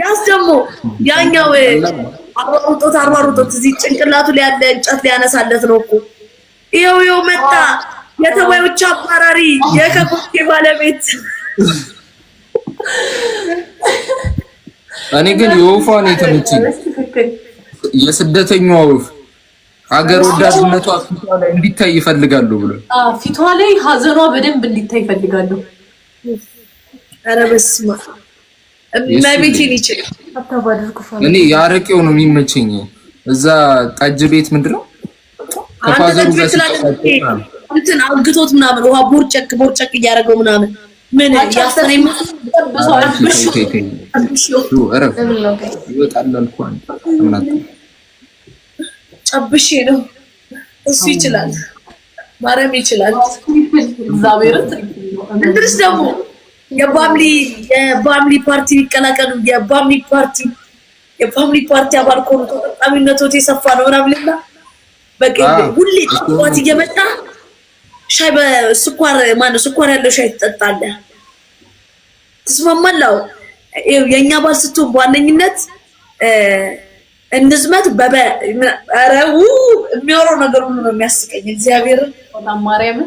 ያስ ደግሞ ያኛው አሯሩጦት አሯሩጦት እዚህ ጭንቅላቱ ላይ ያለ እንጨት ሊያነሳለት ነው እኮ ይኸው ይኸው መጣ። የተባዮች አባራሪ የከኮቴ ባለቤት እኔ ግን የወፏ ነው የተመቸኝ። የስደተኛዋ ወፍ ሀገር ወዳድነቷ ፊቷ ላይ እንዲታይ ይፈልጋሉ ብሎ ፊቷ ላይ ሀዘኗ በደንብ እንዲታይ ይፈልጋሉ። ኧረ በስመ አብ እመቤቴን ይችላል። እኔ ነው የሚመቸኝ። እዛ ጠጅ ቤት ምንድን ነው ከፋዘሩ ጋር እንትን አግቶት ምናምን ውሃ ቦርጨቅ ቦርጨቅ እያደረገው ምናምን ጨብሼ ነው እሱ ይችላል። ማረም ይችላል። እግዚአብሔር ደግሞ የባምሊ የባምሊ ፓርቲ ቢቀላቀሉ የባምሊ ፓርቲ የባምሊ ፓርቲ አባል ከሆኑ ተጠቃሚነቶት የሰፋ ነው ምናምን እና በቃ ሁሌ ጠዋት እየመጣ ሻይ በስኳር ማነው ስኳር ያለው ሻይ ትጠጣለ ትስማማለህ? የእኛ አባል ስትሆን በዋነኝነት እንዝመት በበ ኧረ የሚያወራው ነገር ሁሉ ነው የሚያስቀኝ እግዚአብሔርን ማርያምን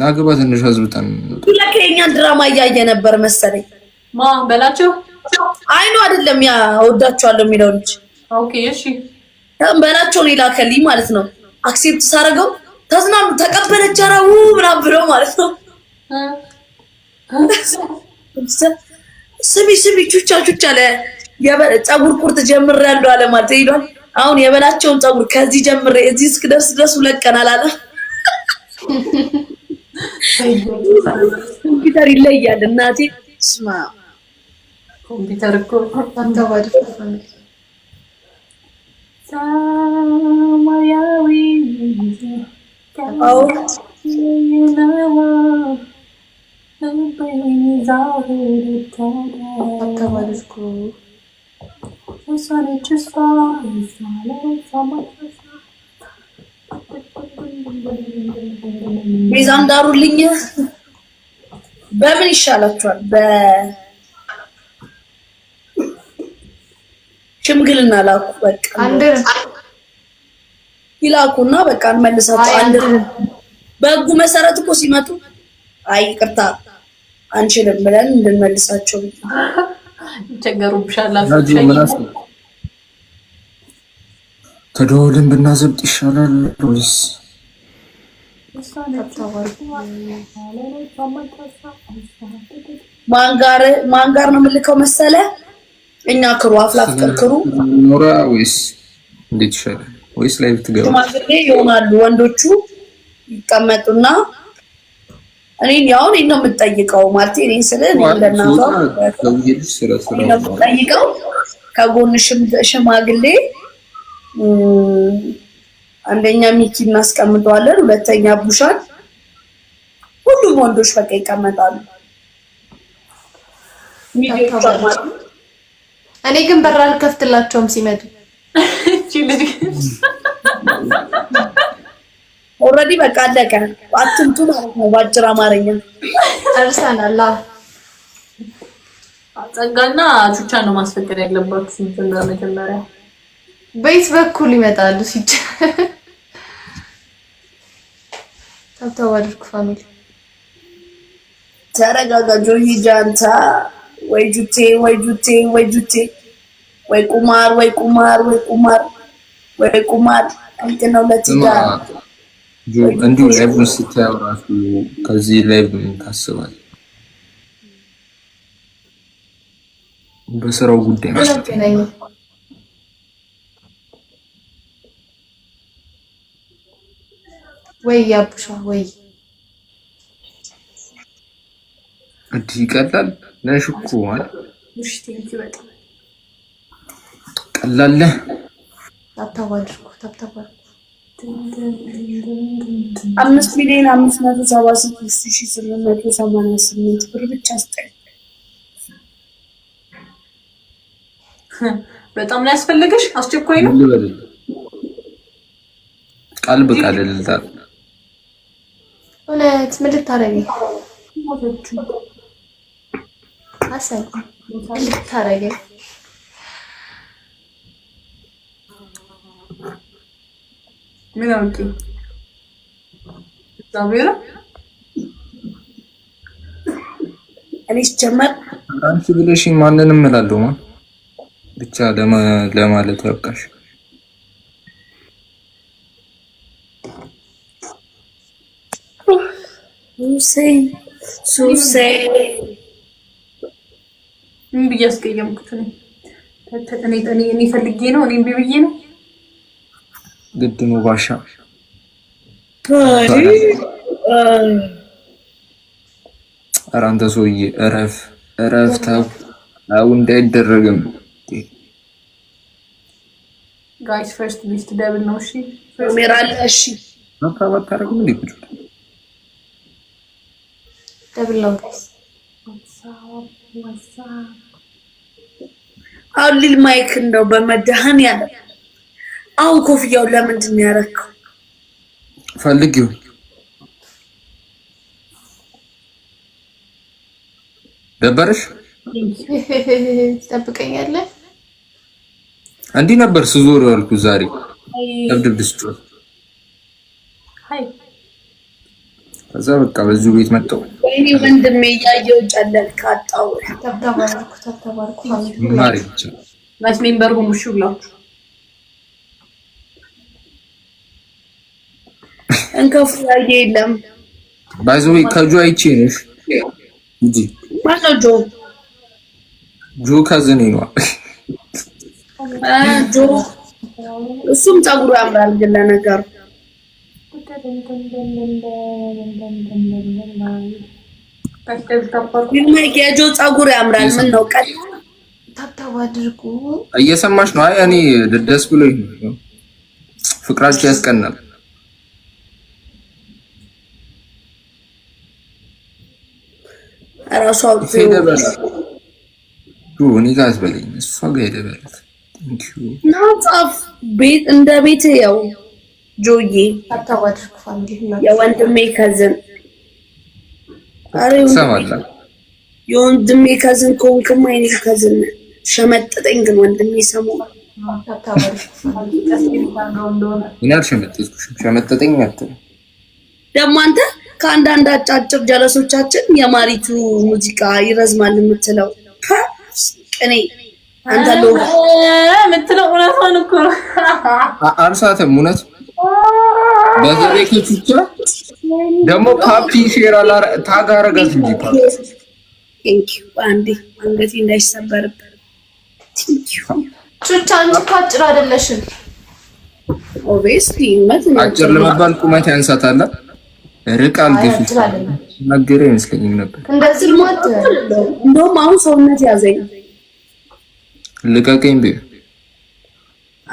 ናግባ ትንሽ ህዝብ ተን ለከኛ ድራማ እያየ ነበር መሰለኝ። ማ በላቸው አይኑ አይደለም ያ እወዳቸዋለሁ የሚለው ልጅ ኦኬ፣ እሺ ነው የላከልኝ ማለት ነው። አክሴፕት ሳረገው ተዝናም ተቀበለች አራው ምናምን ብለው ማለት ነው። ስሚ ስሚ ቹቻ ቹቻ አለ ፀጉር ቁርጥ ያለው አለ ማለት ይሏል። አሁን የበላቸውን ፀጉር ከዚህ ጀምሬ እዚህ እስክደርስ ድረስ ሁለት ቀን አላለም። ኮምፒውተር ይለያል እናቴ። ስማ ኮምፒውተር እኮ ሰማያዊ አዎ ቤዛ እንዳሩልኝ በምን ይሻላችኋል? በሽምግልና ላኩ። በቃ ይላኩና በቃ እንመልሳቸው። አንድ በህጉ መሰረት እኮ ሲመጡ አይ ቅርታ አንችልም ብለን እንድንመልሳቸው ይቸገሩብሻል። ብናዘብጥ ይሻላል ወይስ ማን ጋር ነው የምልከው መሰለ? እኛ ክሩ አፍላ ፍቅር ኖራ ወይስ እንዴት ይሻላል? ወይስ ላይ ብትገባ ሽማግሌ ይሆናሉ ወንዶቹ ይቀመጡና እኔ ያው እኔ ነው የምጠይቀው ማለት እኔ ስለ እኔ ከጎን ሽማግሌ አንደኛ ሚኪ እናስቀምጠዋለን፣ ሁለተኛ ቡሻን፣ ሁሉም ወንዶች በቃ ይቀመጣሉ። እኔ ግን በር አልከፍትላቸውም ሲመጡ። ኦልሬዲ በቃ አለቀ። አትምጡ ማለት ነው በአጭር አማርኛ እርሰናል። ጸጋና ቹቻ ነው ማስፈቀድ ያለባችሁ። መጀመሪያ በየት በኩል ይመጣሉ ሲጀመር ሀብታም አድርግ ፋሚሊ። ተረጋጋ ጆይ ጃንታ ወይ ጁቴ ወይ ጁቴ ወይ ጁቴ ወይ ቁማር ወይ ቁማር ወይ ቁማር ወይ ቁማር እንተነው ለቲጋ እንዲሁ ላይቭ ስታየው ራሱ ከዚህ ላይቭ ምን ታስባል? በስራው ጉዳይ ነው። ወይ ያብሻ ወይ እንዲህ ይቀላል። ነሽ እኮ ማለት ቀላል ታብታባልኩ ታብታባልኩ አምስት ሚሊዮን አምስት መቶ ሰባ ስድስት ሺ ስምንት መቶ ሰማንያ ስምንት ብር ብቻ ስጠኝ። በጣም ነው ያስፈለገሽ? አስቸኳይ ነው። ቃል በቃል እልልታ እውነት ምን ልታረጊ አሰብ ልታረጊ ምን አውቂ ዛቤራ እኔ ሲጀመር አንቺ ብለሽ ማንንም እላለሁ ብቻ ለማለት ያብቃሽ። ሁሴን ሱሴን ምን ብዬ አስቀየምኩት? እኔ ፈልጌ ነው እኔ ብዬ ነው ግድ ነው ባሻ ኧረ አንተ ሰውዬ እረፍ እረፍ ተው አው እንዳይደረግም ጋይስ ፈርስት ቢስት ደብል ነው እሺ ሜራል እሺ በቃ ባታረግም እንዴ አሁን ሊል ማይክ እንደው በመድህን ያለ አሁን ኮፍያው ለምንድን ነው ያደረከው? ፈልጊው ደበረሽ? ትጠብቀኛለህ? እንዲህ ነበር ስዞር ያልኩ ዛሬ ከዛ በቃ በዚሁ ቤት መጣው። ወይኔ ወንድሜ እያየው ጨለል ካጣው ተተባርኩ ተተባርኩ ማለት ነው። ናይስ ሜምበር ሆኑ እሺ ብላችሁ እንከፍ ላይ የለም ባይዞ ከጆ አይቼ ነሽ እንጂ ማነው ጆ ጆ ከዝኔ ነው ጆ። እሱም ፀጉሩ ያምራል ግን ለነገሩ የጆ ፀጉር ያምራል። ምን ነው ቀጥ ታብታብ አድርጉ። እየሰማሽ ነው? አይ እኔ ደስ ብሎኝ ፍቅራችሁ ያስቀናል። እራሷ ቤት እንደ ቤት ያው ጆዬ የወንድሜ ከዝን የወንድሜ ከዝን ከሆንክማ የኔ ከዝን ሸመጠጠኝ። ግን ወንድሜ ሰሞን ሸመጠጠኝ ደግሞ አንተ ከአንዳንድ አጫጭር ጀለሶቻችን የማሪቱ ሙዚቃ ይረዝማል የምትለው ቅኔ አንተ የምትለው እውነቷን እኮ ነው። እውነት በዘሬቶች ብቻ ደግሞ ፓፒ ሼር ታግ አደረጋት እንጂ ፓፒ አንዴ አንገቴ እንዳይሰበርብህ። ቹቻ አንቺ አጭር አይደለሽም። ኦብቪስሊ አጭር ለመባል ቁመት ያንሳታል። ርቃል ግፊት ነገር አይመስለኝም ነበር እንደዚህ ማለት እንደውም አሁን ሰውነት ያዘኝ። ልቀቀኝ ቢሆን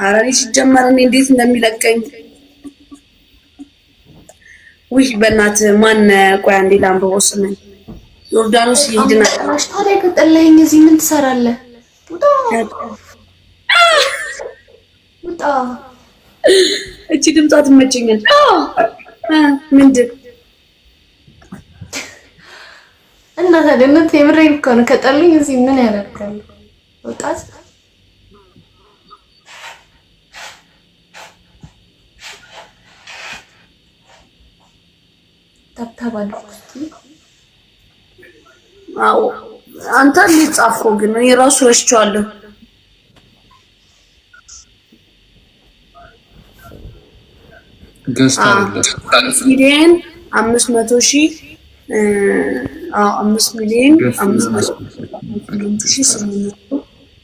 ኧረ ሲጀመር እኔ እንዴት እንደሚለቀኝ ውይ በእናት ማን ቆያ አንዴ ላንብቦ ስምን ዮርዳኖስ ይሄድና ታዲያ ከጠለኝ እዚህ ምን ትሰራለህ? ውጣ ውጣ። እቺ ድምጿ ትመቸኛል። ምንድን እና ታዲያ የምሬን እኮ ከሆነ ከጠለኝ እዚህ ምን ያደርጋል? ውጣ ታብታባል አዎ አንተ እንዴት ጻፍከው? ግን እኔ ራሱ ረስቼዋለሁ። ገስታ ሚሊዮን አምስት መቶ ሺህ አምስት ሚሊዮን አምስት መቶ ሺህ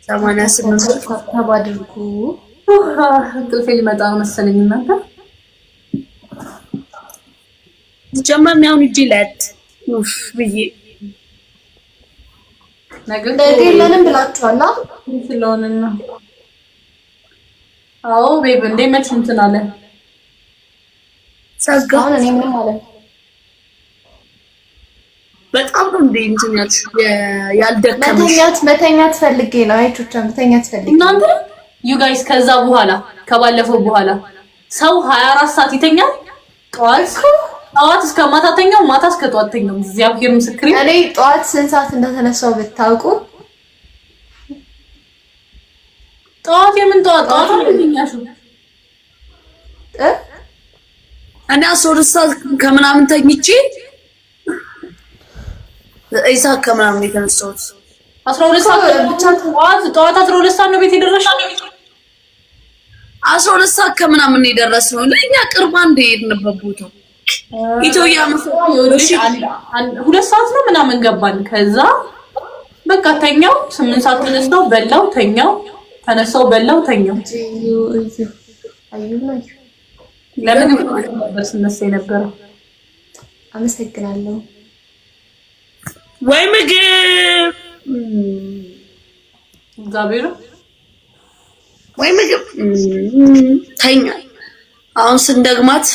ሰማንያ ስምንት ታብታብ አድርጉ። እንቅልፌ ሊመጣ መሰለኝ ጀማሚ አሁን እጄ ላት ኡፍ ብዬ ነገር ብላችኋል ስለሆነ ነው። አዎ ቤብ እንዴ መች እንትን አለ እኔ ምንም አለ በጣም ነው እንዴ ያልደከመሽ መተኛት መተኛት ፈልጌ ነው አይቶቻ መተኛት ፈልጌ እናንተ ዩ ጋይስ ከዛ በኋላ ከባለፈው በኋላ ሰው 24 ሰዓት ይተኛል ጠዋት ጠዋት እስከ ማታ ተኛው፣ ማታ እስከ ጠዋት ተኛው። እግዚአብሔር ምስክር እኔ ጠዋት ስንት ሰዓት እንደተነሳው ብታውቁ። ጠዋት የምን ጠዋት ጠዋት እንደኛሹ እ እኔ አስራ ሰዓት ከምናምን ተኝቼ ኢሳ ከምናምን የተነሳሁት አስራ ሁለት ሰዓት ብቻ። ጠዋት አስራ ሁለት ሰዓት ነው ቤት አስራ ሁለት ሰዓት ከምናምን የደረስነው ለእኛ ቅርባ እንደሄድንበት ቦታው ኢትዮጵያ ሁለት ሰዓት ነው ምናምን ገባን። ከዛ በቃ ተኛው። ስምንት ሰዓት ተነስተው በላው ተኛው፣ በላው ተኛው። ለምን ስነሳ የነበረው አመሰግናለሁ። ወይ ምግብ እግዚአብሔር ወይ ምግብ ተኛ። አሁን ስንደግማት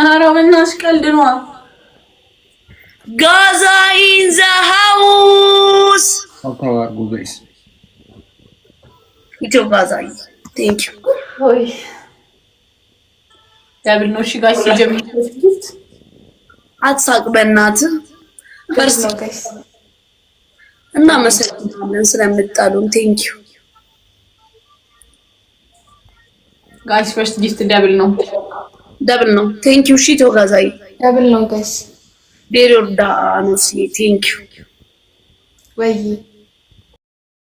ኧረ በእናትሽ ቀልድ ነዋ። ጋዛ ኢን ዘ ሃውስ አትሳቅ በእናትህ እና መሰለኝ ስለምጣሉን ቴንኪው ጋይስ ፈርስት ጊፍት ደብል ነው። ደብል ነው። ቴንክ ዩ ሺ ተወጋዛይ ደብል ነው ጋይስ ዴሮዳ ነው ቴንክ ዩ ወይ